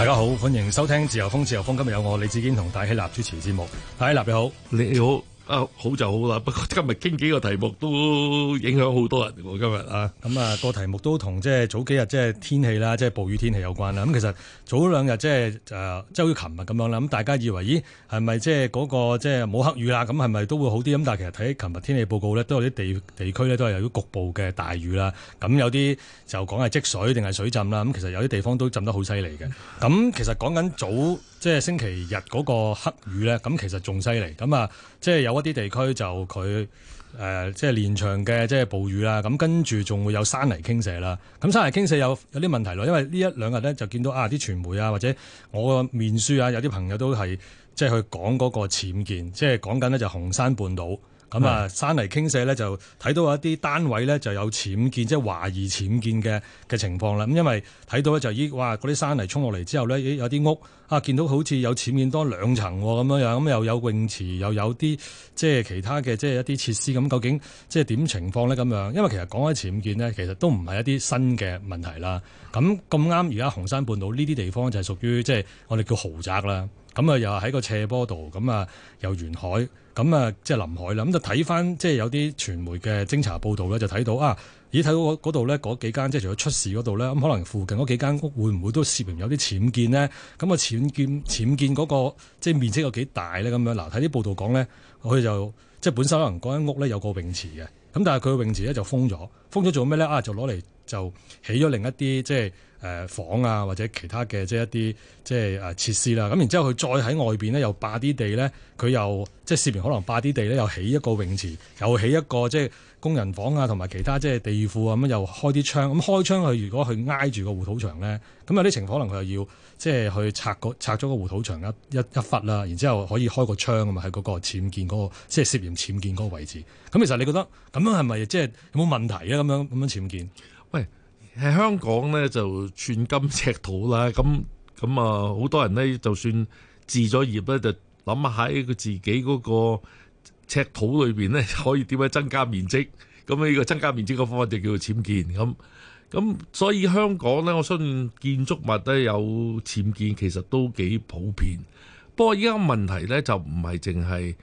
大家好，歡迎收聽自由風，自由風今日有我李志堅同戴希立主持節目。戴希立你好，你好。好就好啦，不過今日傾幾個題目都影響好多人。今日啊、嗯，咁、那、啊個題目都同即係早幾日即係天氣啦，即、就、係、是、暴雨天氣有關啦。咁、嗯、其實早兩日即係誒，即係好似琴日咁樣啦。咁、嗯、大家以為咦係咪即係嗰個即係冇黑雨啦？咁係咪都會好啲咁？但係其實睇琴日天氣報告咧，都有啲地地區咧都係有啲局部嘅大雨啦。咁、嗯、有啲就講係積水定係水浸啦。咁、嗯、其實有啲地方都浸得好犀利嘅。咁、嗯、其實講緊早。即係星期日嗰個黑雨咧，咁其實仲犀利，咁啊，即係有一啲地區就佢誒，即、呃、係、就是、連場嘅即係暴雨啦，咁跟住仲會有山泥傾瀉啦，咁山泥傾瀉有有啲問題咯，因為呢一兩日咧就見到啊啲傳媒啊或者我個面書啊，有啲朋友都係即係去講嗰個僭建，即係講緊咧就，是、就紅山半島。咁啊，嗯、山泥傾瀉咧就睇到一啲單位咧就有僭建，即係懷疑僭建嘅嘅情況啦。咁因為睇到咧就咦，哇嗰啲山泥沖落嚟之後咧，咦有啲屋啊，見到好似有僭建多兩層咁、哦、樣樣，咁又有泳池，又有啲即係其他嘅即係一啲設施，咁究竟即係點情況咧？咁樣因為其實講起僭建咧，其實都唔係一啲新嘅問題啦。咁咁啱，而家紅山半島呢啲地方就係屬於即係、就是、我哋叫豪宅啦。咁啊，又喺個斜坡度，咁啊又沿海，咁啊即係臨海啦。咁就睇返即係有啲傳媒嘅偵查報導咧，就睇到啊，咦睇到嗰度咧，嗰幾間即係除咗出事嗰度咧，咁可能附近嗰幾間屋會唔會都涉嫌有啲僭建咧？咁啊，僭建僭建嗰個即係面積有幾大咧？咁樣嗱，睇啲報導講咧，佢就即係本身可能嗰間屋咧有個泳池嘅，咁但係佢個泳池咧就封咗，封咗做咩咧？啊，就攞嚟就起咗另一啲即係。誒房啊，或者其他嘅即係一啲即係誒設施啦。咁然之後佢再喺外面咧又霸啲地咧，佢又即係涉嫌可能霸啲地咧，又起一個泳池，又起一個即係工人房啊，同埋其他即係地庫啊咁，又開啲窗。咁開窗佢如果佢挨住個護土牆咧，咁有啲情況可能佢又要即係去拆個拆咗個護土牆一一一忽啦，然之後可以開個窗啊嘛，喺嗰個僭建嗰個即係涉嫌僭建嗰個位置。咁其實你覺得咁樣係咪即係有冇問題啊？咁樣咁樣僭建？喺香港咧就寸金尺土啦，咁咁啊，好多人咧就算置咗業咧，就諗下喺佢自己嗰個尺土裏邊咧可以點樣增加面積。咁呢個增加面積嘅方法就叫做僭建咁咁。所以香港咧，我相信建築物咧有僭建，其實都幾普遍。不過依家問題咧就唔係淨係。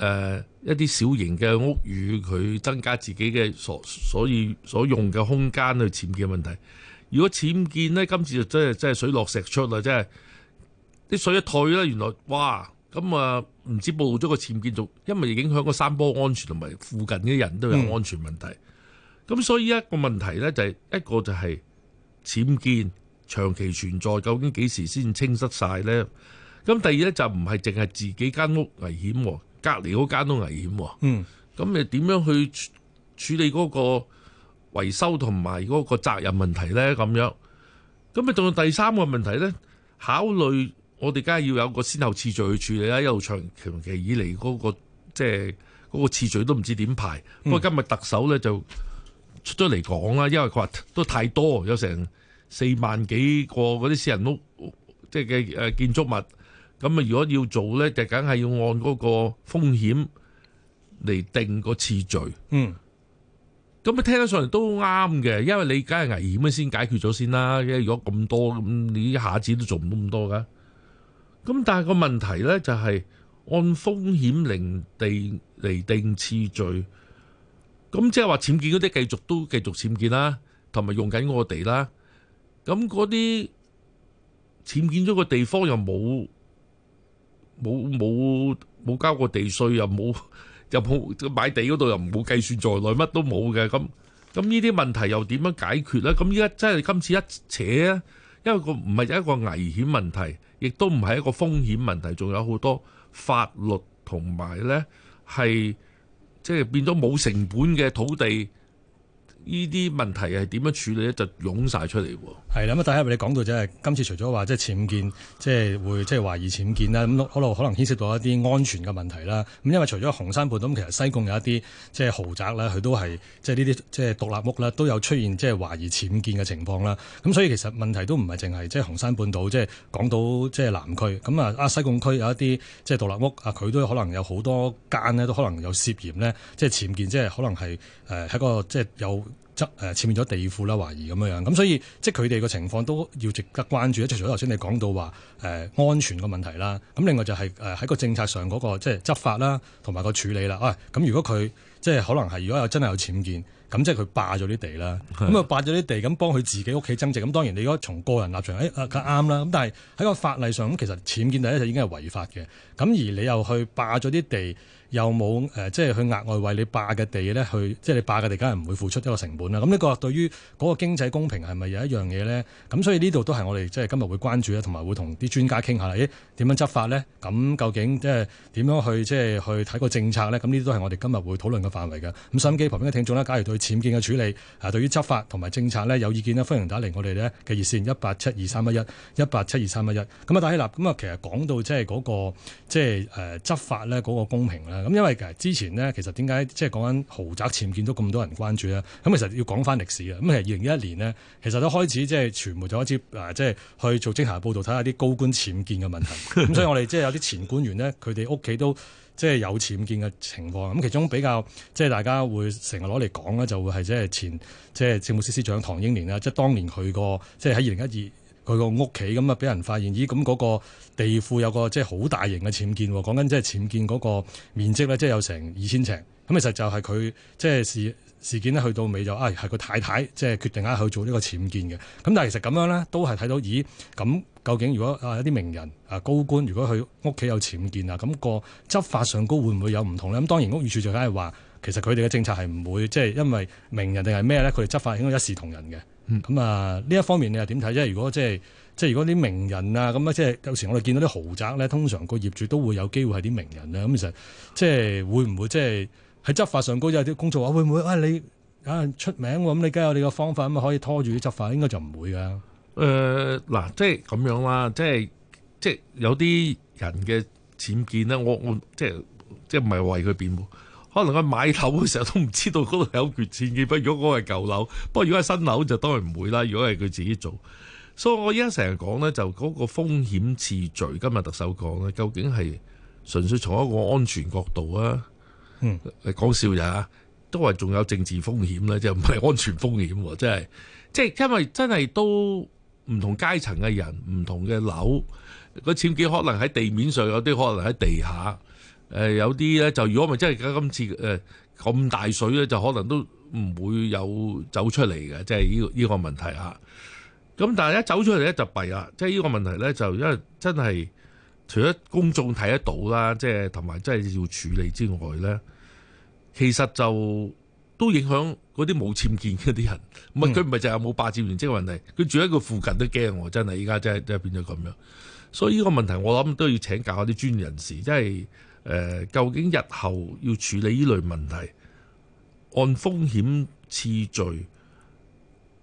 誒、呃，一啲小型嘅屋宇，佢增加自己嘅所所以所用嘅空間去僭建的問題。如果僭建呢，今次就真係真係水落石出啦，真係啲水一退啦，原來哇咁啊，唔止暴露咗個僭建，族，因為影響個山坡安全，同埋附近嘅人都有安全問題。咁、嗯、所以一個問題呢、就是，就係一個就係僭建長期存在，究竟幾時先清失晒呢？咁第二呢，就唔係淨係自己間屋危險、啊。隔離嗰間都危險喎，咁你點樣去處理嗰個維修同埋嗰個責任問題咧？咁樣，咁誒到到第三個問題咧，考慮我哋梗係要有個先後次序去處理啦。一路長長期以嚟嗰、那個即係嗰個次序都唔知點排。嗯、不過今日特首咧就出咗嚟講啦，因為佢話都太多，有成四萬幾個嗰啲私人屋，即係嘅誒建築物。咁啊！如果要做咧，就梗係要按嗰個風險嚟定個次序。嗯，咁啊，聽得上嚟都啱嘅，因為你梗係危險啊，先解決咗先啦。因為如果咁多，咁你一下子都做唔到咁多㗎。咁但係個問題咧，就係按風險零地嚟定次序。咁即係話僭建嗰啲繼續都繼續僭建啦，同埋用緊我哋啦。咁嗰啲僭建咗個地方又冇。冇冇冇交過地稅，又冇又冇買地嗰度，又唔冇計算在內，乜都冇嘅。咁咁，呢啲問題又點樣解決呢？咁依家真係今次一扯啊，因為個唔係一個危險問題，亦都唔係一個風險問題，仲有好多法律同埋，呢係即係變咗冇成本嘅土地。呢啲問題係點樣處理咧？就湧晒出嚟喎。係啦，咁第一，你講到即係今次除咗話即係僭建，即係會即係懷疑僭建啦，咁可能可能牽涉到一啲安全嘅問題啦。咁因為除咗紅山半島，咁其實西貢有一啲即係豪宅咧，佢都係即係呢啲即係獨立屋咧，都有出現即係懷疑僭建嘅情況啦。咁所以其實問題都唔係淨係即係紅山半島，即係港島即係南區，咁啊啊西貢區有一啲即係獨立屋啊，佢都可能有好多間呢，都可能有涉嫌呢，即係僭建，即係可能係誒喺個即係有。則誒僭咗地庫啦，懷疑咁樣樣，咁所以即係佢哋個情況都要值得關注啦。除咗頭先你講到話誒安全個問題啦，咁另外就係誒喺個政策上嗰個即係執法啦，同埋個處理啦。喂、哎，咁如果佢即係可能係如果有真係有僭建，咁即係佢霸咗啲地啦，咁佢霸咗啲地，咁的幫佢自己屋企增值，咁當然你如果從個人立場誒佢啱啦，咁、哎啊、但係喺個法例上其實僭建第一就已經係違法嘅，咁而你又去霸咗啲地。又冇誒、呃？即係去額外為你霸嘅地咧，去即係你霸嘅地，梗係唔會付出一個成本啦。咁呢個對於嗰個經濟公平係咪有一樣嘢咧？咁所以呢度都係我哋即係今日會關注咧，同埋會同啲專家傾下，咦點樣執法咧？咁究竟即係點樣去即係去睇個政策咧？咁呢啲都係我哋今日會討論嘅範圍嘅。咁收音機旁邊嘅聽眾呢，假如對僭建嘅處理啊，對於執法同埋政策咧有意見呢，歡迎打嚟我哋咧嘅熱線一八七二三一一一八七二三一一。咁啊，但係啦，咁啊，其實講到即係嗰個即係誒執法咧，嗰個公平咧。咁因為誒之前其實、就是、呢，其實點解即係講緊豪宅僭建都咁多人關注咧？咁其實要講翻歷史嘅。咁其實二零一一年呢，其實都開始即係傳媒一、啊、就開始誒，即係去做偵查報道，睇下啲高官僭建嘅問題。咁 所以我哋即係有啲前官員呢，佢哋屋企都即係有僭建嘅情況。咁其中比較即係大家會成日攞嚟講咧，就會係即係前即係、就是、政務司司長唐英年啦。即、就、係、是、當年去過，即係喺二零一二。佢個屋企咁啊，俾人發現，咦、哎？咁、那、嗰個地庫有個即係好大型嘅僭建喎，講緊即係僭建嗰個面積咧，即係有成二千尺，咁其實就係佢即係事事件、哎、太太呢，去到尾就啊，係個太太即係決定下去做呢個僭建嘅。咁但係其實咁樣咧，都係睇到，咦、哎？咁究竟如果啊，一啲名人啊、高官，如果佢屋企有僭建啊，咁、那個執法上高會唔會有唔同咧？咁當然屋宇署就梗係話，其實佢哋嘅政策係唔會即係因為名人定係咩咧，佢哋執法應該一視同仁嘅。咁啊，呢、嗯、一方面你又點睇？即係如果即係即係如果啲名人啊，咁啊即係有時候我哋見到啲豪宅咧，通常個業主都會有機會係啲名人咧。咁其實即係會唔會即係喺執法上高有啲工作啊？會唔會啊？你啊出名咁你梗有你個方法，咁啊可以拖住啲執法，應該就唔會噶。誒嗱、呃，即係咁樣啦，即係即係有啲人嘅僭建啦。我我即係即係唔係為佢辯護。可能佢買樓嘅時候都唔知道嗰度有僭建嘅不如果嗰個係舊樓，不過如果係新樓就當然唔會啦。如果係佢自己做，所、so, 以我依家成日講呢，就嗰個風險次序。今日特首講呢，究竟係純粹從一個安全角度啊？講講、嗯、笑咋？都係仲有政治風險呢，即係唔係安全風險？真、就、係、是，即、就、係、是、因為真係都唔同階層嘅人，唔同嘅樓，個僭建可能喺地面上，有啲可能喺地下。誒、呃、有啲咧就如果咪真係而家今次誒咁、呃、大水咧，就可能都唔會有走出嚟嘅，即係呢依個問題吓、啊，咁但係一走出嚟咧就弊啦，即係呢個問題咧就因為真係除咗公眾睇得到啦，即係同埋真係要處理之外咧，其實就都影響嗰啲冇僭建嗰啲人，唔係佢唔係淨係冇霸佔原嘅問題，佢住喺佢附近都驚喎，真係依家真係真係變咗咁樣。所以呢個問題我諗都要請教啲專業人士，即係。呃、究竟日後要處理呢類問題，按風險次序，呢、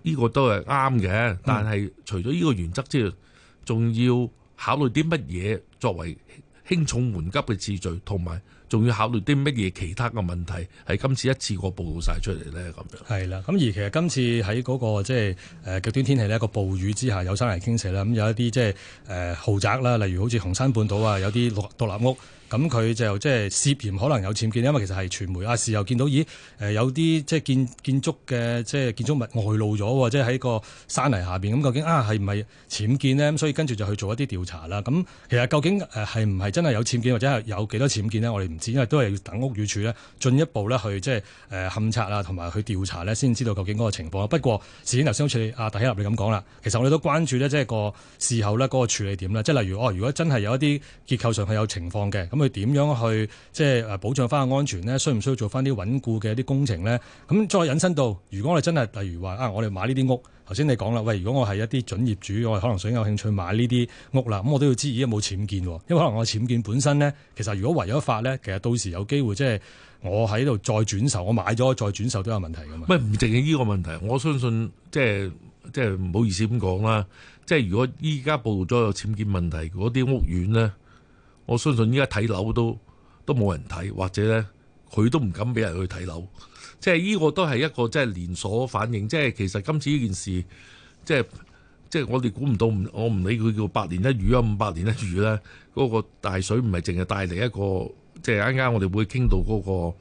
呢個都係啱嘅。但係除咗呢個原則之外，仲要考慮啲乜嘢作為輕重緩急嘅次序，同埋仲要考慮啲乜嘢其他嘅問題喺今次一次過暴露晒出嚟咧？咁樣係啦。咁而其實今次喺嗰、嗰個即係誒極端天氣呢、呢個暴雨之下有山泥傾瀉啦，咁有一啲即係誒豪宅啦，例如好似紅山半島啊，有啲獨立屋。咁佢就即係涉嫌可能有僭建，因為其實係傳媒啊事後見到，咦誒，有啲即係建建築嘅即係建築物外露咗即係喺個山泥下邊咁，究竟啊係唔係僭建咧？咁所以跟住就去做一啲調查啦。咁其實究竟誒，係唔係真係有僭建或者係有幾多僭建咧？我哋唔知，因為都係要等屋宇署咧進一步咧去即係誒勘測啦，同埋去調查咧先知道究竟嗰個情況。不過事先頭先好似阿大希立你咁講啦，其實我哋都關注咧，即係個事後咧嗰個處理點啦，即係例如哦，如果真係有一啲結構上係有情況嘅。咁佢點樣去即係誒保障翻個安全呢？需唔需要做翻啲穩固嘅一啲工程咧？咁再引申到，如果我哋真係例如話啊，我哋買呢啲屋，頭先你講啦，喂，如果我係一啲準業主，我可能想有興趣買呢啲屋啦，咁我都要知而家冇僭建，因為可能我僭建本身咧，其實如果違咗法咧，其實到時有機會即係我喺度再轉售，我買咗再轉售都有問題噶嘛。唔係，唔淨係依個問題，我相信即係即係唔好意思咁講啦，即係如果依家暴露咗有僭建問題嗰啲屋苑呢。我相信依家睇樓都都冇人睇，或者呢，佢都唔敢俾人去睇樓，即係呢個都係一個即係連鎖反應。即係其實今次呢件事，即係即係我哋估唔到，我唔理佢叫百年一遇啊，五百年一遇呢，嗰個大水唔係淨係帶嚟一個，即係啱啱我哋會傾到嗰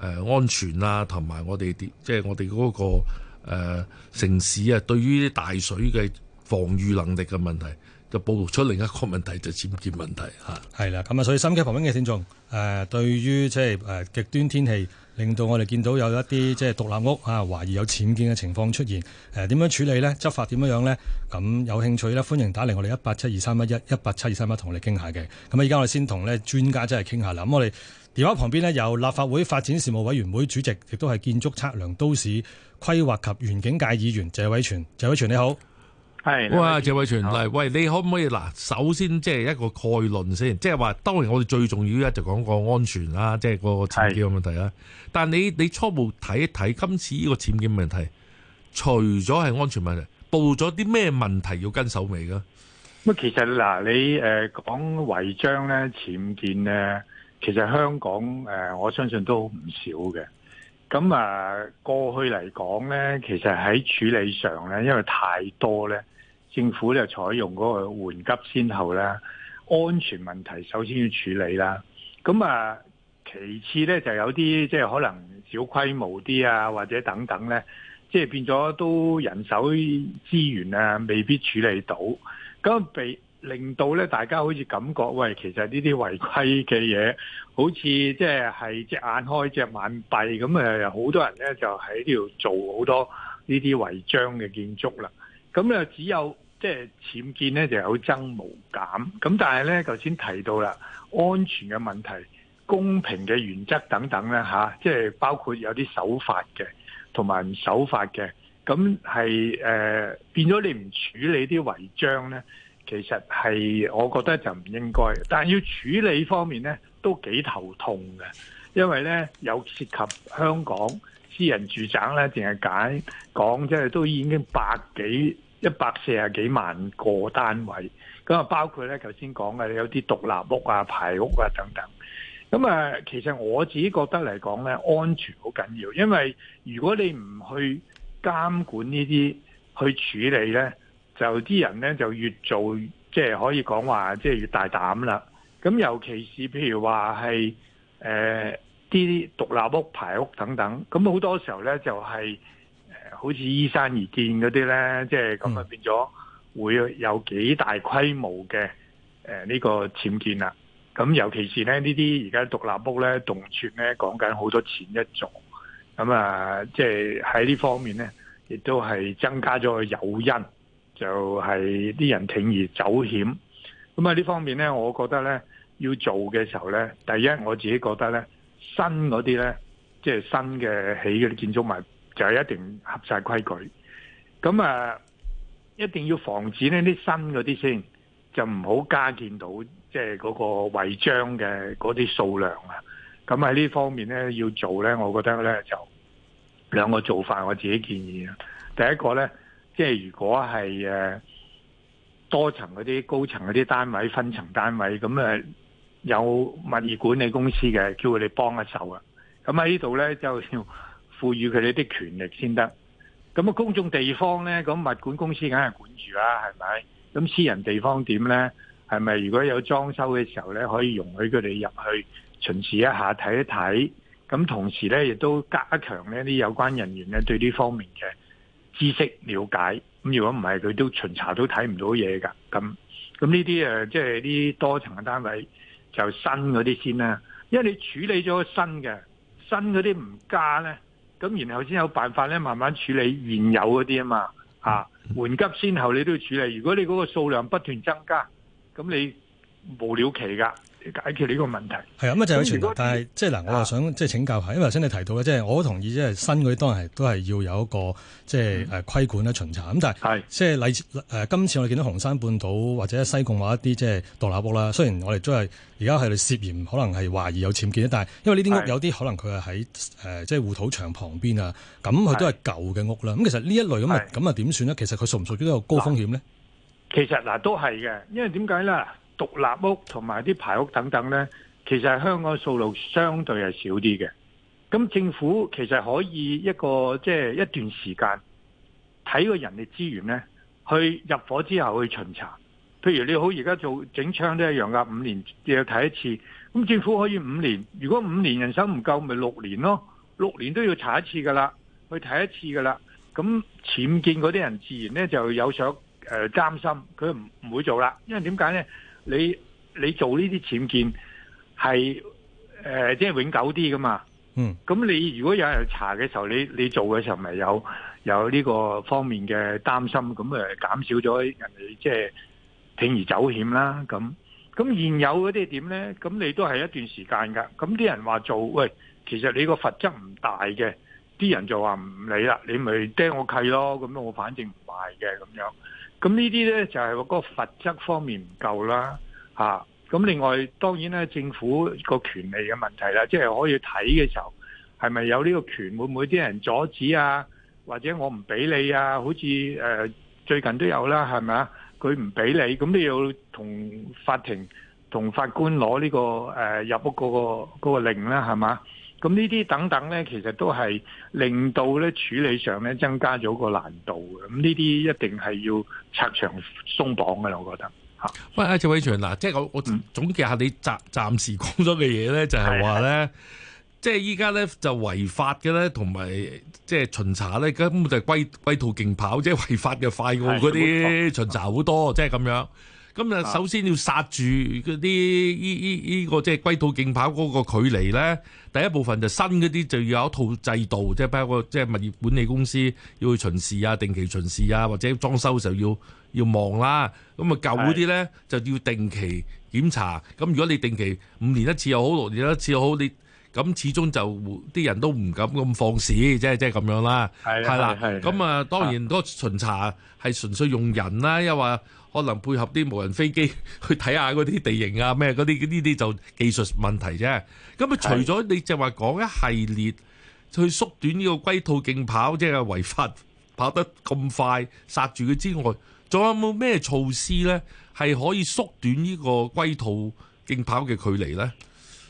個安全啊，同埋我哋啲即係我哋嗰個、呃、城市啊，對於啲大水嘅防禦能力嘅問題。就暴露出另一個問題，就僭建問題嚇。係啦，咁啊，所以心機旁邊嘅聽眾誒，對於即係誒極端天氣，令到我哋見到有一啲即係獨立屋嚇，懷疑有僭建嘅情況出現。誒點樣處理呢？執法點樣樣呢？咁有興趣呢，歡迎打嚟我哋一八七二三一一一八七二三一，同我哋傾下嘅。咁啊，而家我哋先同呢專家真係傾下啦。咁我哋電話旁邊呢，有立法會發展事務委員會主席，亦都係建築測量都市規劃及園境界議員謝偉銓。謝偉銓你好。係哇，謝偉銓嚟。喂，你可唔可以嗱？好首先，即係一個概論先，即係話，當然我哋最重要嘅就講個安全啦，即係個僭建嘅問題啦。的但係你你初步睇一睇今次呢個僭建問題，除咗係安全問題，暴露咗啲咩問題要跟手尾噶？咁其實嗱，你誒講違章咧，僭建咧，其實香港誒，我相信都唔少嘅。咁啊，過去嚟講咧，其實喺處理上咧，因為太多咧。政府就採用嗰個緩急先後啦，安全問題首先要處理啦。咁啊，其次呢就有啲即係可能小規模啲啊，或者等等呢，即係變咗都人手資源啊，未必處理到。咁被令到呢，大家好似感覺，喂，其實呢啲違規嘅嘢，好似即係係隻眼開隻眼閉咁誒，好多人呢，就喺呢度做好多呢啲違章嘅建築啦。咁咧只有即係僭建呢，就有增無減。咁但係呢，頭先提到啦，安全嘅問題、公平嘅原則等等啦。吓、啊，即係包括有啲守法嘅，同埋唔守法嘅。咁係誒變咗你唔處理啲違章呢，其實係我覺得就唔應該。但係要處理方面呢，都幾頭痛嘅，因為呢有涉及香港私人住宅呢，淨係講即係都已經百幾。一百四啊幾萬個單位，咁啊包括呢頭先講嘅有啲獨立屋啊、排屋啊等等。咁啊，其實我自己覺得嚟講呢，安全好緊要，因為如果你唔去監管呢啲，去處理呢，就啲人呢就越做，即係可以講話，即係越大膽啦。咁尤其是譬如話係誒啲獨立屋、排屋等等，咁好多時候呢就係，好似依山而建嗰啲呢，即係咁啊，變咗會有幾大規模嘅誒呢個僭建啦。咁尤其是呢呢啲而家獨立屋呢，動輒呢講緊好多錢一座。咁啊，即係喺呢方面呢，亦都係增加咗個誘因，就係啲人鋌而走險。咁啊呢方面呢，我覺得呢要做嘅時候呢，第一我自己覺得呢，新嗰啲呢，即係新嘅起嗰啲建築物。就係一定合晒規矩，咁啊，一定要防止呢啲新嗰啲先，就唔好加建到，即係嗰個違章嘅嗰啲數量啊。咁喺呢方面咧要做咧，我覺得咧就兩個做法，我自己建議啊。第一個咧，即係如果係誒多層嗰啲、高層嗰啲單位、分層單位，咁啊有物業管理公司嘅，叫佢哋幫一手啊。咁喺呢度咧就要。賦予佢哋啲權力先得。咁啊，公眾地方呢，咁物管公司梗係管住啦、啊，係咪？咁私人地方點呢？係咪如果有裝修嘅時候呢，可以容許佢哋入去巡視一下睇一睇？咁同時呢，亦都加強呢啲有關人員呢對呢方面嘅知識了解。咁如果唔係，佢都巡查都睇唔到嘢㗎。咁咁呢啲誒，即係啲多層嘅單位就新嗰啲先啦。因為你處理咗新嘅新嗰啲唔加呢。咁然後先有辦法咧，慢慢處理現有嗰啲啊嘛嚇，緩急先後你都要處理。如果你嗰個數量不斷增加，咁你無了期㗎。解決呢個問題係啊，咁就係有前。但係即係嗱，我又想即係請教下，因為頭先你提到嘅，即係我好同意，即係新嗰啲當然係都係要有一個即係誒規管咧、巡查。咁、嗯、但係係即係例誒、呃，今次我哋見到紅山半島或者西貢話一啲即係獨立屋啦。雖然我哋都係而家係涉嫌，可能係懷疑有僭建，但係因為呢啲屋是的 有啲可能佢係喺誒即係護土牆旁邊啊，咁佢都係舊嘅屋啦。咁是的 其實呢一類咁啊，咁啊點算呢？其實佢屬唔屬於一個高風險呢？其實嗱，都係嘅，因為點解咧？獨立屋同埋啲排屋等等呢，其實係香港數路相對係少啲嘅。咁政府其實可以一個即係一段時間睇個人力資源呢，去入伙之後去巡查。譬如你好而家做整窗都一樣噶，五年要睇一次。咁政府可以五年，如果五年人手唔夠，咪六年咯。六年都要查一次噶啦，去睇一次噶啦。咁僭建嗰啲人自然呢就有所誒擔心，佢唔唔會做啦，因為點解呢？你你做呢啲僭建，係誒，即、呃、係、就是、永久啲噶嘛。嗯，咁你如果有人查嘅時候，你你做嘅時候咪有有呢個方面嘅擔心，咁誒減少咗人哋即係鋌而走險啦。咁咁現有嗰啲係點咧？咁你都係一段時間噶。咁啲人話做，喂，其實你個罰則唔大嘅，啲人就話唔理啦，你咪釘我契咯，咁我反正唔賣嘅咁樣。咁呢啲呢，就係話嗰個法則方面唔夠啦，嚇！咁另外當然呢政府個權利嘅問題啦，即係可以睇嘅時候，係咪有呢個權？會唔會啲人阻止啊？或者我唔畀你啊？好似誒最近都有啦，係咪啊？佢唔畀你，咁你要同法庭、同法官攞呢個誒入屋嗰個嗰個個令啦，係嘛？咁呢啲等等咧，其實都係令到咧處理上咧增加咗個難度嘅。咁呢啲一定係要拆牆鬆綁嘅，我覺得嚇。喂，阿謝偉銓嗱，即係我我總結下你暫暫時講咗嘅嘢咧，就係話咧，即係依家咧就違法嘅咧，同埋即係巡查咧根本就係歸歸途競跑，即係違法嘅快過嗰啲巡查好多，即係咁樣。咁啊，就首先要殺住嗰啲依依依個即係龜兔競跑嗰個距離咧。第一部分就新嗰啲就要有一套制度，即係包括即係物業管理公司要去巡視啊、定期巡視啊，或者裝修時候要要望啦。咁啊，舊嗰啲咧就要定期檢查。咁如果你定期五年一次又好，六年一次又好，你咁始終就啲人都唔敢咁放肆，即係即係咁樣啦。係啦，咁啊當然嗰個巡查係純粹用人啦，又話可能配合啲無人飛機去睇下嗰啲地形啊，咩嗰啲呢啲就技術問題啫。咁啊，除咗你就話講一系列去縮短呢個龜兔競跑，即係違法跑得咁快剎住佢之外，仲有冇咩措施咧？係可以縮短呢個龜兔競跑嘅距離咧？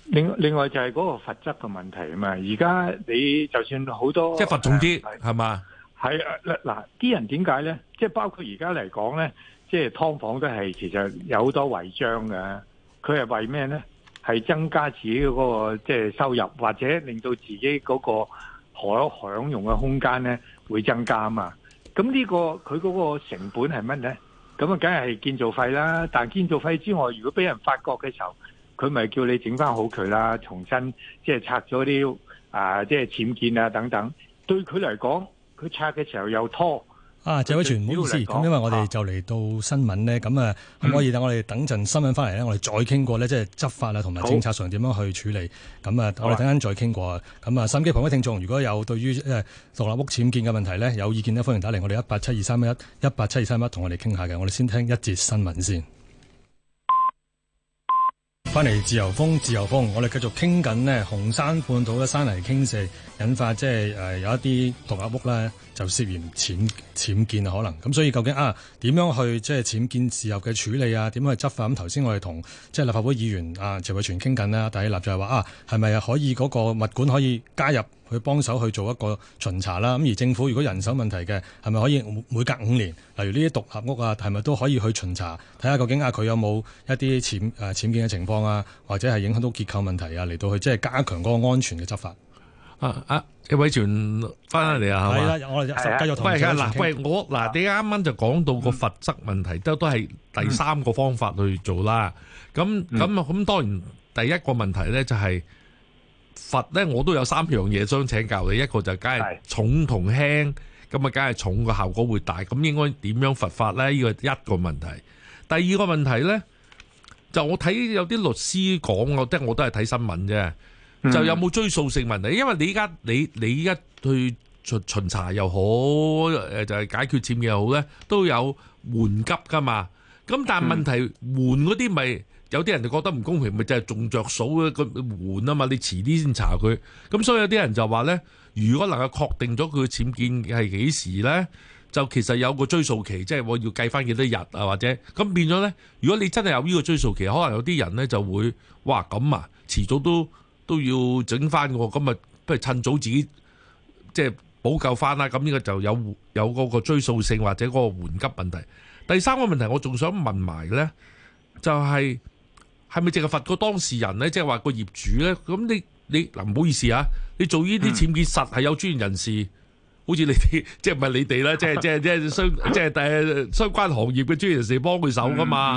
另另外就係嗰個罰則嘅問題啊嘛。而家你就算好多即係罰重啲係嘛？係啊，嗱啲人點解咧？即係包括而家嚟講咧。即係劏房都係，其實有好多違章嘅。佢係為咩呢？係增加自己嗰個即係收入，或者令到自己嗰個可享用嘅空間呢，會增加啊嘛。咁呢個佢嗰個成本係乜呢？咁啊，梗係建造費啦。但建造費之外，如果俾人發覺嘅時候，佢咪叫你整翻好佢啦，重新即係拆咗啲啊，即係僭建啊等等。對佢嚟講，佢拆嘅時候又拖。啊，謝偉銓，唔好意思，咁、啊、因為我哋就嚟到新聞呢，咁啊，可唔可以等我哋等陣新聞翻嚟咧，我哋再傾過咧，即係執法啊，同埋政策上點樣去處理？咁啊好，我哋等陣再傾過咁啊，心機旁嘅聽眾，如果有對於即係獨立屋僭建嘅問題咧，有意見咧，歡迎打嚟我哋一八七二三一一八七二三一，同我哋傾下嘅。我哋先聽一節新聞先。翻嚟自由風，自由風，我哋繼續傾緊呢紅山半島嘅山泥傾瀉，引發即係有一啲獨立屋咧就涉嫌僭僭建可能咁。所以究竟啊，點樣去即係僭建自由嘅處理啊？點樣去執法？咁頭先我哋同即係立法會議員啊謝偉銓傾緊啦，第一立就係話啊，係咪可以嗰個物管可以加入？去幫手去做一個巡查啦，咁而政府如果人手問題嘅，係咪可以每隔五年，例如呢啲獨立屋啊，係咪都可以去巡查，睇下究竟啊佢有冇一啲僭誒僭建嘅情況啊，或者係影響到結構問題啊，嚟到去即係加強個安全嘅執法。啊啊，偉銓返嚟啊，係嘛？係啦，我哋繼續喂，嗱，喂，我嗱、啊，你啱啱就講到個罰則問題，嗯、都都係第三個方法去做啦。咁咁咁，當然第一個問題咧就係、是。罰咧，我都有三樣嘢想請教你，一個就梗係重同輕，咁啊梗係重嘅效果會大，咁應該點樣罰法咧？呢個一個問題。第二個問題咧，就我睇有啲律師講，我即係我都係睇新聞啫，就有冇追訴性問題啊？因為你依家你你依家去巡巡查又好，誒就係解決僭建又好咧，都有緩急㗎嘛。咁但係問題緩嗰啲咪？有啲人就覺得唔公平，咪就係仲著數嘅個緩啊嘛。你遲啲先查佢，咁所以有啲人就話呢，如果能夠確定咗佢嘅僭建係幾時呢，就其實有個追訴期，即係我要計翻幾多日啊，或者咁變咗呢。如果你真係有呢個追訴期，可能有啲人呢就會哇咁啊，遲早都都要整翻個咁啊，不如趁早自己即係補救翻啦。咁呢個就有有嗰個追訴性或者嗰個緩急問題。第三個問題，我仲想問埋呢就係、是。係咪淨係罰個當事人咧？即係話個業主咧？咁你你嗱唔好意思啊！你做呢啲僭建，實係有專業人士，好似你哋，即係唔係你哋啦，即係即係即係相即係第相關行業嘅專業人士幫佢手噶嘛？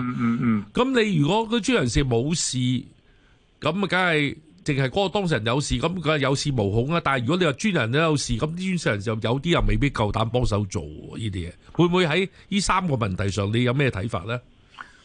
咁 你如果個專業人士冇事，咁啊，梗係淨係嗰個當事人有事，咁梗係有恃無恐啊。但係如果你話專人咧有事，咁啲專業人士有啲又未必夠膽幫手做呢啲嘢。會唔會喺呢三個問題上，你有咩睇法咧？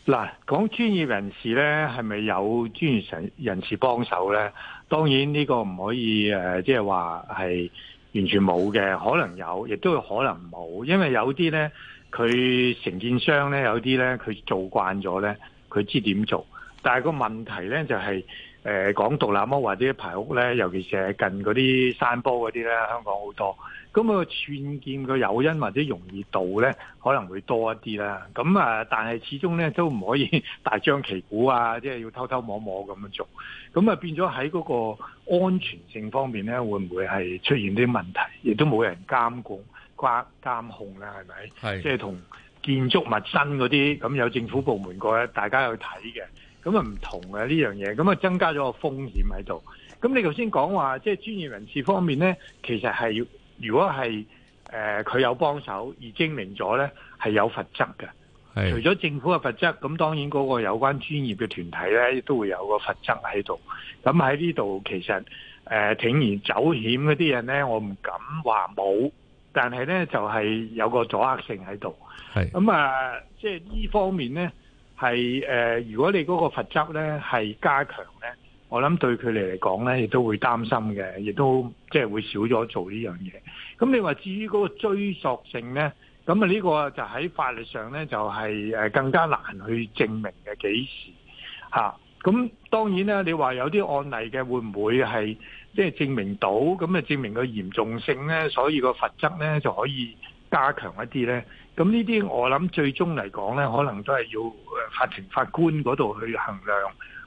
嗱，講專業人士咧，係咪有專業人人士幫手咧？當然呢個唔可以誒，即係話係完全冇嘅，可能有，亦都有可能冇，因為有啲咧，佢承建商咧，有啲咧，佢做慣咗咧，佢知點做。但係個問題咧，就係、是、誒，講獨立屋或者排屋咧，尤其是係近嗰啲山坡嗰啲咧，香港好多。咁啊，僭建個誘因或者容易度咧，可能會多一啲啦。咁啊，但係始終咧都唔可以大張旗鼓啊，即係要偷偷摸摸咁樣做。咁啊，變咗喺嗰個安全性方面咧，會唔會係出現啲問題，亦都冇人監管、關監控啦，係咪？的即係同建築物真嗰啲，咁有政府部門過咧，大家有睇嘅。咁啊，唔同嘅呢樣嘢，咁啊，增加咗個風險喺度。咁你頭先講話，即係專業人士方面咧，其實係要。如果係誒佢有幫手而證明咗咧，係有罰則嘅。係嘅，除咗政府嘅罰則，咁當然嗰個有關專業嘅團體咧，都會有個罰則喺度。咁喺呢度其實誒鋌、呃、而走險嗰啲人咧，我唔敢話冇，但係咧就係、是、有個阻嚇性喺度。係咁啊，即係呢方面咧，係誒、呃、如果你嗰個罰則咧係加強，我諗對佢哋嚟講呢，亦都會擔心嘅，亦都即係、就是、會少咗做呢樣嘢。咁你話至於嗰個追索性呢？咁啊呢個就喺法律上呢，就係、是、誒更加難去證明嘅幾時吓。咁、啊、當然啦，你話有啲案例嘅會唔會係即係證明到？咁啊證明個嚴重性呢，所以個罰則呢就可以加強一啲呢。咁呢啲我諗最終嚟講呢，可能都係要法庭法官嗰度去衡量。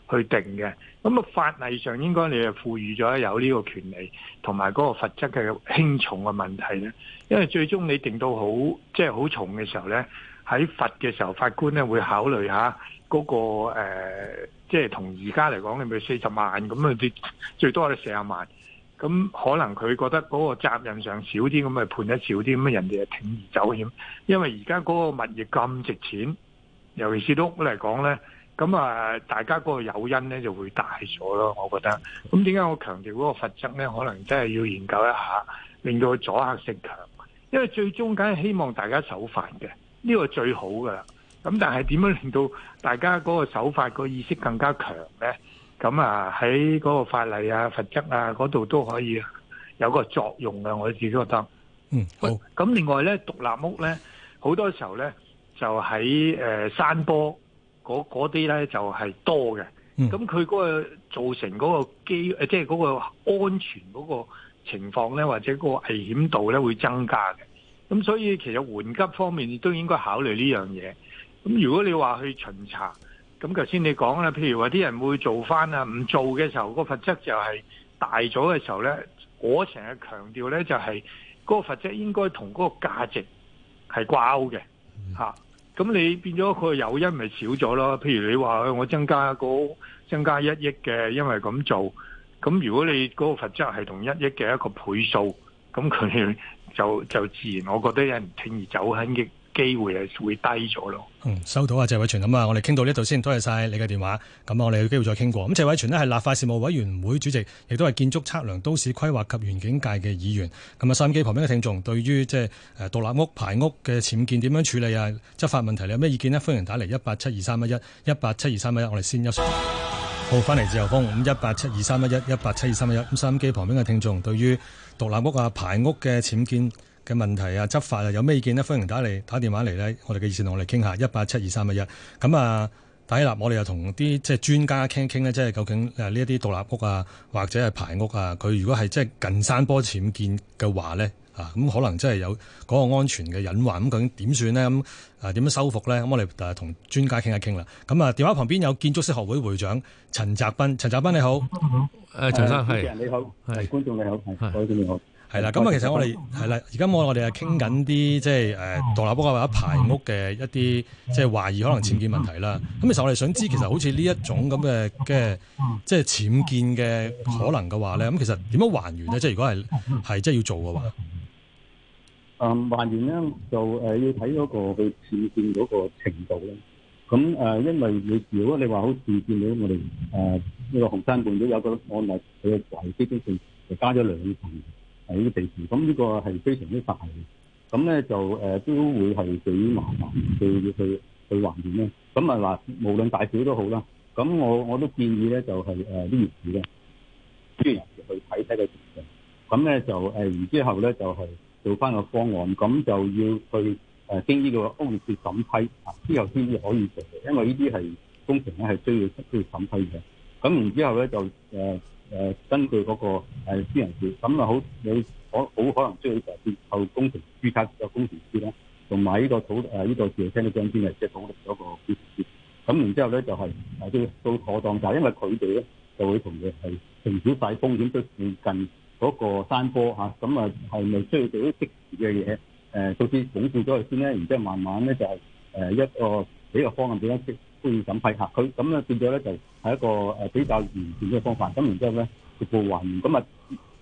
去定嘅，咁啊法例上應該你係賦予咗有呢個權利，同埋嗰個罰則嘅輕重嘅問題咧。因為最終你定到好即係好重嘅時候咧，喺罰嘅時候法官咧會考慮下嗰、那個誒，即、呃、係、就是、同而家嚟講，你咪四十萬咁啊，最最多係四十萬，咁可能佢覺得嗰個責任上少啲，咁咪判得少啲，咁啊人哋啊鋌而走險，因為而家嗰個物業咁值錢，尤其是獨立屋嚟講咧。咁啊，大家嗰個誘因咧就會大咗咯，我覺得。咁點解我強調嗰個罰則咧？可能真係要研究一下，令到阻嚇性強，因為最終梗係希望大家守法嘅，呢、呢個最好噶啦。咁但係點樣令到大家嗰個守法個意識更加強咧？咁啊，喺嗰個法例啊、罰則啊嗰度都可以有個作用啊。我自己覺得。嗯，好。咁另外咧，獨立屋咧，好多時候咧就喺誒、呃、山坡。嗰嗰啲咧就係多嘅，咁佢嗰個造成嗰個機，誒即係嗰個安全嗰個情況咧，或者嗰個危險度咧會增加嘅。咁所以其實緩急方面亦都應該考慮呢樣嘢。咁如果你話去巡查，咁頭先你講啦，譬如話啲人會做翻啊，唔做嘅時候，個罰則就係大咗嘅時候咧。我成日強調咧，就係嗰個罰則應該同嗰個價值係掛鈎嘅，嚇。咁你變咗個誘因咪少咗咯？譬如你話我增加增加一億嘅，因為咁做。咁如果你嗰個罰則係同一億嘅一個倍數，咁佢就就自然，我覺得有人鋌而走險嘅。機會係會低咗咯。嗯，收到啊，謝偉銓。咁啊，我哋傾到呢度先，多謝晒你嘅電話。咁啊，我哋有機會再傾過。咁謝偉銓呢係立法事務委員會主席，亦都係建築測量、都市規劃及園景界嘅議員。咁啊，收音機旁邊嘅聽眾，對於即係誒獨立屋、排屋嘅僭建點樣處理啊？執法問題你有咩意見呢？歡迎打嚟一八七二三一一一八七二三一一，我哋先一號翻嚟自由風，咁一八七二三一一一八七二三一一。咁收音機旁邊嘅聽眾，對於獨立屋啊、排屋嘅僭建，建嘅問題啊，執法啊，有咩意見呢？歡迎打嚟，打電話嚟咧，我哋嘅意思同我哋傾下，一八七二三一一。咁啊，第一啦，我哋又同啲即係專家傾傾咧，即係究竟呢一啲獨立屋啊，或者係排屋啊，佢如果係即係近山坡僭建嘅話咧，啊，咁可能真係有嗰個安全嘅隱患。咁究竟點算咧？咁啊點樣修復咧？咁我哋同專家傾一傾啦。咁啊，電話旁邊有建築師學會，會會長陳澤斌，陳澤斌你好，誒、呃、陳生係，呃、是你好，係是觀眾你好，你好。係啦，咁啊，嗯嗯、其實我哋係啦，而家我我哋係傾緊啲即係誒、呃、獨立屋或者排屋嘅一啲即係懷疑可能僭建的問題啦。咁其實我哋想知道，其實好似呢一種咁嘅即係即係僭建嘅可能嘅話咧，咁其實點樣還原咧？即係如果係係即係要做嘅話，嗯、呃，還原咧就誒、呃、要睇嗰個嘅僭建嗰個程度咧。咁誒、呃，因為你如果你話好似見到我哋誒呢個紅山半島都有一個案例，佢違規工程就加咗兩層。喺呢個地址，咁呢個係非常之大嘅，咁咧就誒、呃、都會係幾麻煩，去去去環節咧。咁咪話無論大小都好啦，咁我我都建議咧就係誒啲業主咧，都要去睇睇個情況。咁咧就誒，然之後咧就係、是、做翻個方案，咁就要去誒、呃、經呢個屋宇署審批啊，之後先至可以做嘅，因為呢啲係工程咧係需要需要審批嘅。咁然之後咧就誒。呃誒根據嗰個私人事咁啊，好你可好可能需要就結構工程註冊嘅工程師啦，同埋呢個土誒呢個地產的張先啊，即係統立嗰個建築師。咁、就是、然之後咧就係、是、誒都都妥當曬，因為佢哋咧就會同你係評估曬風險，都附近嗰個山坡咁啊係咪、嗯、需要做啲即時嘅嘢？誒、呃，到總結咗先咧，然之後慢慢咧就係、是呃、一個比較方向比較即。都要審批下，佢咁咧變咗咧就係一個誒比較完善嘅方法，咁然之後咧逐步還原，咁啊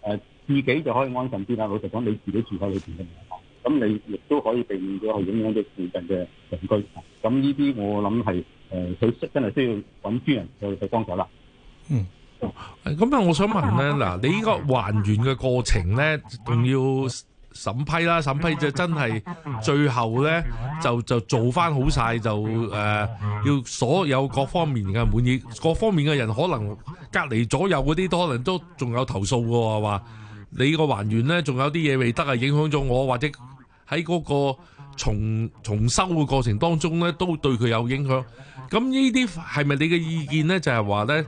誒自己就可以安心啲啦。老實講，你自己住喺裏邊嘅，咁你亦都可以避免咗去影響到附近嘅鄰居。咁呢啲我諗係誒佢真係需要揾專人去去幫助啦。嗯，咁啊，我想問咧，嗱、啊、你呢個還原嘅過程咧，仲要？審批啦，審批就真係最後呢，就就做翻好晒。就誒、呃，要所有各方面嘅滿意，各方面嘅人可能隔離左右嗰啲，都可能都仲有投訴嘅話，你個還原呢，仲有啲嘢未得啊，影響咗我，或者喺嗰個重重修嘅過程當中呢，都對佢有影響。咁呢啲係咪你嘅意見呢？就係、是、話呢。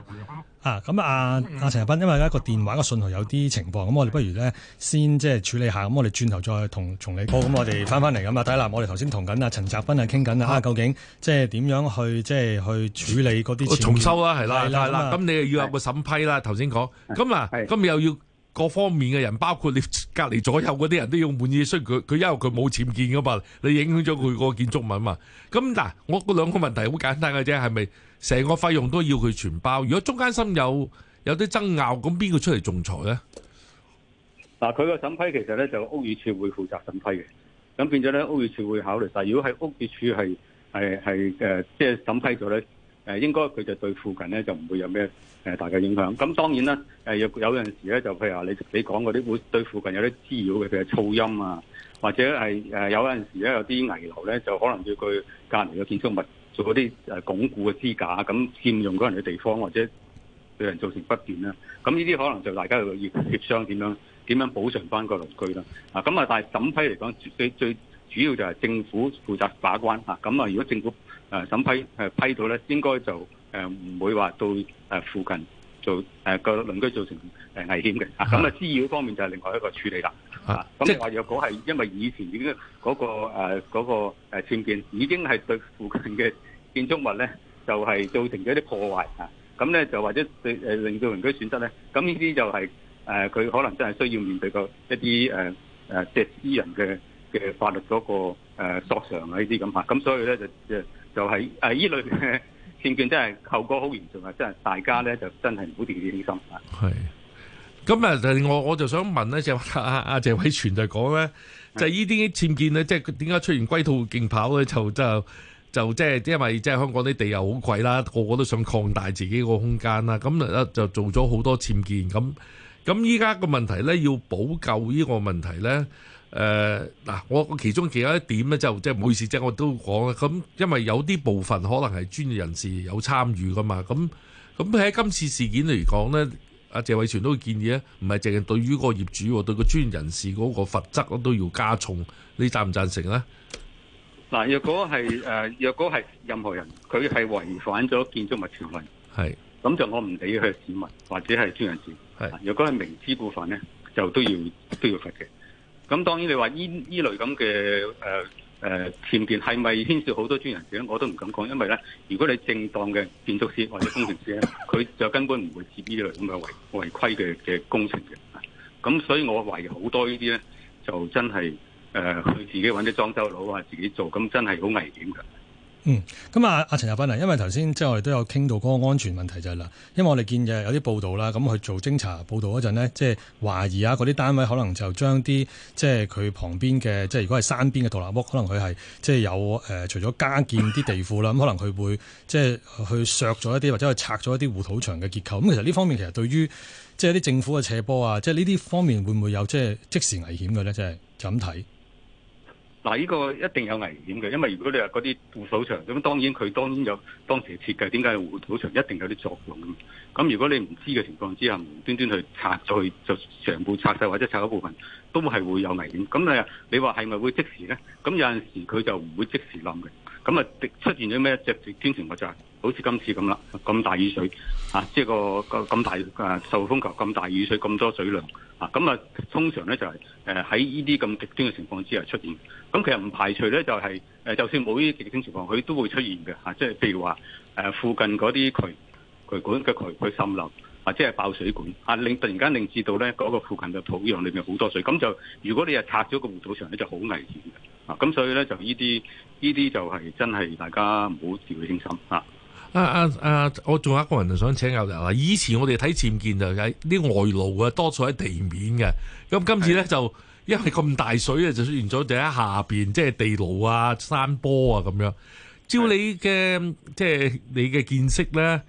啊，咁啊，啊陳澤斌，因為呢個電話個信號有啲情況，咁我哋不如咧先即係處理下，咁我哋轉頭再同從你。好，咁我哋翻翻嚟咁啊！第一我哋頭先同緊阿陳澤斌啊傾緊啊，究竟即係點樣去即係去處理嗰啲重修啦，係啦，啦，咁你又要個審批啦，頭先講，咁啊，咁又要。各方面嘅人，包括你隔籬左右嗰啲人都要滿意，所以佢佢因為佢冇僭建噶嘛，你影響咗佢個建築物嘛。咁嗱，我個兩個問題好簡單嘅啫，係咪成個費用都要佢全包？如果中間心有有啲爭拗，咁邊個出嚟仲裁咧？嗱，佢個審批其實咧就係屋宇署會負責審批嘅，咁變咗咧屋宇署會考慮曬。但如果喺屋宇署係係係誒，即係審批咗咧。誒應該佢就對附近咧就唔會有咩大嘅影響。咁當然啦，誒有有陣時咧就譬如話你你講嗰啲會對附近有啲滋擾嘅，譬如噪音啊，或者係誒有陣時咧有啲危樓咧就可能要佢隔離嘅建築物做嗰啲誒鞏固嘅支架，咁佔用人嘅地方或者對人造成不便啦。咁呢啲可能就大家要協商點樣點樣補償翻個鄰居啦。啊咁啊，但係審批嚟講最最主要就係政府負責把關嚇。咁啊，如果政府誒、呃、審批批到咧，應該就誒唔、呃、會話對誒附近做誒個、呃、鄰居造成誒危險嘅。咁啊，滋擾方面就係另外一個處理啦。咁話若果係因為以前已經嗰、那個誒嗰、啊那個、啊、僭建，已經係對附近嘅建築物咧，就係、是、造成咗一啲破壞啊。咁咧就或者誒令到鄰居損失咧，咁呢啲就係誒佢可能真係需要面對個一啲誒誒藉私人嘅嘅法律嗰、那個、啊、索償啊呢啲咁嚇。咁所以咧就誒。就係誒依類嘅僭建，真係後果好嚴重啊！真係大家咧就真係唔好掉以輕心啊！係。咁我我就想問咧，就阿、是、阿、啊啊、謝偉銓就講咧，就呢啲僭建咧，即係點解出現龜兔競跑咧？就就就即係因為即係香港啲地又好貴啦，個個都想擴大自己個空間啦，咁就做咗好多僭建咁。咁依家個問題咧，要補救呢個問題咧。誒，嗱、呃，我我其中其他一點咧，就即係唔好意思，即係我都講啦。咁因為有啲部分可能係專業人士有參與噶嘛，咁咁喺今次事件嚟講呢，阿謝偉銓都建議咧，唔係淨係對於個業主，對個專業人士嗰個罰則，都要加重。你贊唔贊成呢？嗱，若果係誒，若果係任何人，佢係違反咗建築物條例，係是，咁就我唔理佢係市民或者係專業人士。係是，若果係明知故犯呢，就都要都要罰嘅。咁當然你話呢呢類咁嘅誒誒僭建係咪牽涉好多專人士呢？我都唔敢講，因為咧，如果你正當嘅建築師或者工程師咧，佢就根本唔會接呢類咁嘅違違規嘅嘅工程嘅。咁所以我懷疑好多呢啲咧，就真係誒佢自己搵啲裝修佬啊，自己做，咁真係好危險㗎。嗯，咁啊阿陳澤斌啊，因為頭先即係我哋都有傾到嗰個安全問題就係啦，因為我哋見嘅有啲報道啦，咁去做偵查報道嗰陣呢，即係懷疑啊嗰啲單位可能就將啲即係佢旁邊嘅即係如果係山邊嘅獨立屋，可能佢係即係有、呃、除咗加建啲地庫啦，咁可能佢會即係去削咗一啲，或者去拆咗一啲護土牆嘅結構。咁其實呢方面其實對於即係啲政府嘅斜坡啊，即係呢啲方面會唔會有即係即時危險嘅咧？即係就咁睇。嗱，呢個一定有危險嘅，因為如果你話嗰啲護土牆，咁當然佢當然有當時設計，點解護土牆一定有啲作用？咁，咁如果你唔知嘅情況之下，無端端去拆咗去，就全部拆晒，或者拆一部分，都係會有危險。咁你你話係咪會即時咧？咁有陣時佢就唔會即時冧嘅。咁啊，出現咗咩一隻極端情況就係好似今次咁啦，咁大雨水啊，即係個咁大受風球咁大雨水咁多水量啊，咁啊，通常咧就係喺呢啲咁極端嘅情況之下出現。咁其實唔排除咧、就係，就係就算冇呢啲極端情況，佢都會出現嘅，即係譬如話、啊、附近嗰啲渠渠管嘅、那個、渠佢滲漏。那個啊！即係爆水管，啊令突然間令至到咧嗰、那個附近嘅土壤裏面好多水，咁就如果你係拆咗個護土牆咧，就好危險嘅。啊！咁所以咧就呢啲呢啲就係真係大家唔好掉以輕心。啊！啊啊啊！我仲有一個人就想請教你話，以前我哋睇僭建就係啲外勞啊，多數喺地面嘅。咁今次咧的就因為咁大水啊，就出現咗就喺下邊，即係地牢啊、山坡啊咁樣。照你嘅的即係你嘅見識咧。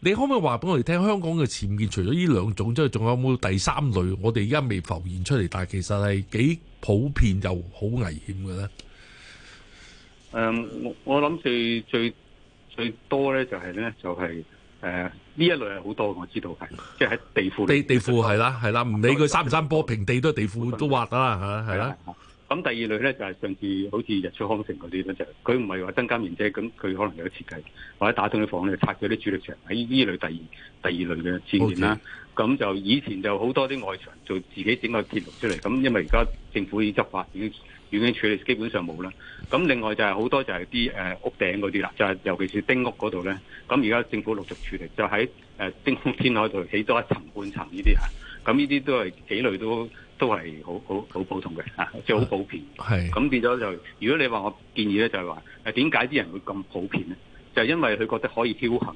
你可唔可以話俾我哋聽，香港嘅僭建除咗呢兩種之外，仲有冇第三類？我哋而家未浮現出嚟，但係其實係幾普遍又好危險嘅咧。誒、嗯，我諗諗最最最多咧就係、是、咧就係誒呢一類係好多，我知道係即係喺地庫地地庫係啦係啦，唔理佢山唔山坡平地都係地庫的都挖得啦吓係啦。咁第二類咧就係、是、上次好似日出康城嗰啲咧，就佢唔係話增加面積，咁佢可能有設計或者打通啲房咧，拆咗啲主力牆，喺呢類類第二第二類嘅僭建啦。咁 Okay. 就以前就好多啲外牆做自己整個鐵路出嚟，咁因為而家政府已經執法，經已經處理基本上冇啦。咁另外就係好多就係啲屋頂嗰啲啦，就係、是、尤其是丁屋嗰度咧，咁而家政府陸續處理，就喺丁屋天台度起多一層半層呢啲咁呢啲都係幾類都。都係好好好普通嘅嚇，即、啊、好、就是、普遍。咁、啊、變咗就是，如果你話我建議咧、啊，就係話誒點解啲人會咁普遍咧？就因為佢覺得可以僥倖，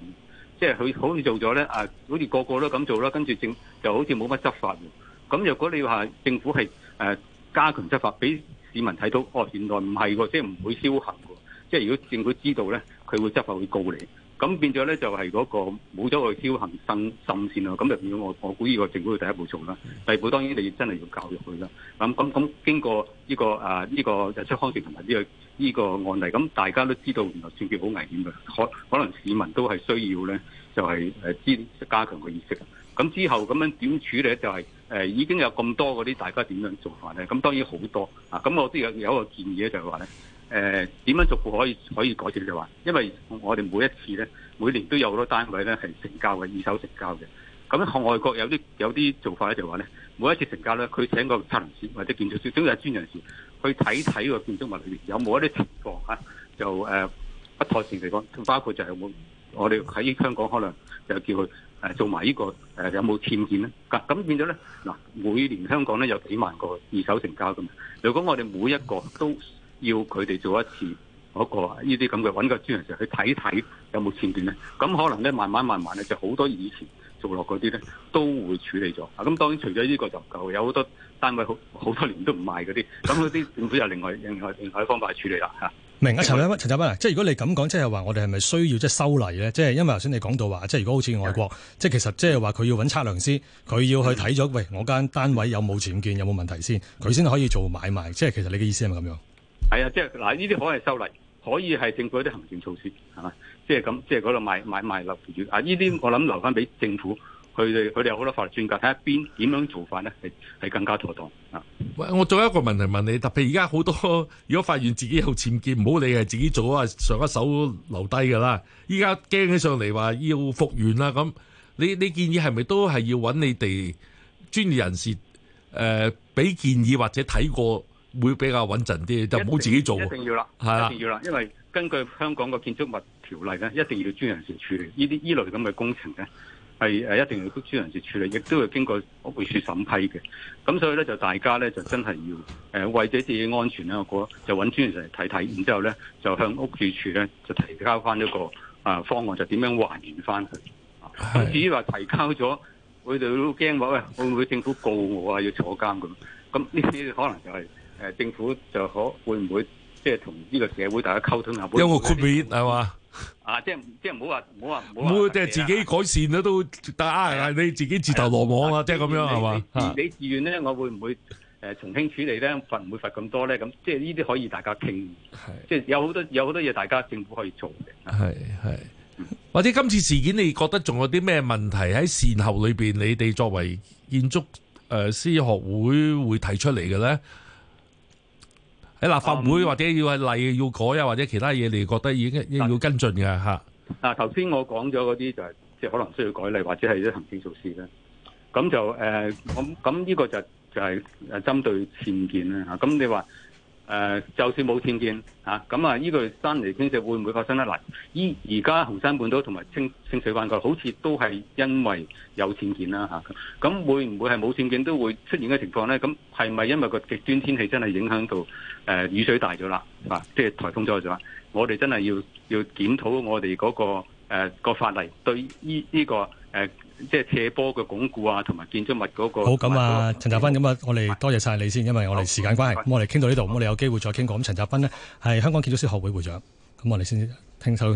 即係佢好似做咗咧啊，好似個個都咁做啦，跟住政府就好似冇乜執法。咁若果你話政府係誒、啊、加強執法，俾市民睇到，哦原來唔係喎，即係唔會僥倖喎，即、就、係、是、如果政府知道咧，佢會執法會告你。咁變咗咧，就係嗰個冇咗佢僥倖心線。先咁就變咗我，我估呢個政府嘅第一步做啦。第二步當然你真係要教育佢啦。咁咁咁經過呢、呢個啊、呢個日出康城同埋呢個案例，咁大家都知道原來算叫好危險嘅，可可能市民都係需要咧，就係、誒、知加強個意識。咁之後咁樣點處理咧、就係，就、呃、係已經有咁多嗰啲大家點樣做法咧。咁當然好多啊。咁我都有有一個建議咧，就係話咧。誒點，呃、樣逐步可以可以改善嘅話，因為我哋每一次咧，每年都有好多單位咧係成交嘅二手成交嘅。咁外國有啲有啲做法咧就話咧，每一次成交咧，佢請個測量師或者建築師，都有專人士去睇睇個建築物裏面有冇一啲情況嚇、啊，就誒、呃、不妥善嚟講，包括就係冇我哋喺香港可能就叫佢誒做埋、這個呃這個呃、呢個誒有冇僭建咧。咁咁變咗咧嗱，每年香港咧有幾萬個二手成交嘅嘛。如果我哋每一個都要佢哋做一次嗰呢啲咁嘅揾個專人嘅去睇睇有冇僭建咧，咁可能咧慢慢慢慢咧就好多以前做落嗰啲咧都會處理咗啊！咁當然除咗呢個就唔夠，有好多單位好好多年都唔賣嗰啲，咁嗰啲政府又另外有另外另外方法去處理啦嚇。明，白明白啊陳，陳澤斌啊，即係如果你咁講，即係話我哋係咪需要即係修例咧？即係因為頭先你講到話，即係如果好似外國，的即係其實即係話佢要揾測量師，佢要去睇咗喂我間單位有冇僭建有冇問題先，佢先可以做買賣。即係其實你嘅意思係咪咁樣？係啊，即係嗱，呢啲可係修例，可以係政府啲行政措施，係嘛？即係咁，即係嗰度賣賣賣樓啊！呢啲我諗留翻俾政府，佢哋佢哋有好多法律專家睇下邊點樣做法咧，係係更加妥當啊！我仲有一個問題問你，特別而家好多，如果發現自己有僭建，唔好理係自己做啊，上一手留低噶啦，依家驚起上嚟話要復原啦，咁你你建議係咪都係要揾你哋專業人士誒俾、呃、建議或者睇過？會比較穩陣啲，就唔好自己做。一定要啦，係一定要啦，因為根據香港嘅建築物條例咧，一定要專業人士處理呢啲依類咁嘅工程咧，係誒一定要僱專業人士處理，亦都要會經過屋宇署審批嘅。咁所以咧就大家咧就真係要誒為咗自己安全咧，我覺得，就揾專業人士睇睇，然之後咧就向屋宇署咧就提交翻一個啊方案，就點樣還原翻去。是的 至於話提交咗，佢哋都驚話喂，會唔會，會政府告我啊？要坐監咁？咁呢啲可能就係、是。誒政府就可會唔會即係同呢個社會大家溝通下？有個豁免係嘛？啊，即係即係唔好話唔好話唔好即係自己改善啦，都但係你自己自投羅網啊，即係咁樣係嘛？你自願呢，我會唔會誒從輕處理呢？罰唔會罰咁多咧？咁即係呢啲可以大家傾，即係有好多有好多嘢，大家政府可以做嘅。係係，或者今次事件，你覺得仲有啲咩問題喺善後裏邊？你哋作為建築誒師學會會提出嚟嘅咧？喺立法會或者要係例要改啊，或者其他嘢，你覺得已經應要跟進嘅嚇。啊、嗯，頭先我講咗嗰啲就係、是、即係可能需要改例或者係啲行政措施咧。咁就誒，咁咁呢個就是、就係、是、誒針對僭建咧嚇。咁你話？誒，就算冇僭建嚇，咁啊，依個山泥傾瀉會唔會發生得嚟？依而家紅山半島同埋清水灣角好似都係因為有僭建啦嚇。咁會唔會係冇僭建都會出現嘅情況咧？咁係咪因為個極端天氣真係影響到雨水大咗啦？啊，即係颱風咗嘅？我哋真係要要檢討我哋嗰個法例對依、呢個即係斜坡嘅鞏固啊，同埋建築物嗰個。好，咁啊，陳澤斌，咁啊，我哋多謝晒你先，因為我哋時間關係，咁的我哋傾到呢度，咁的我哋有機會再傾過。咁陳澤斌咧係香港建築師學會會長，咁我哋先聽首。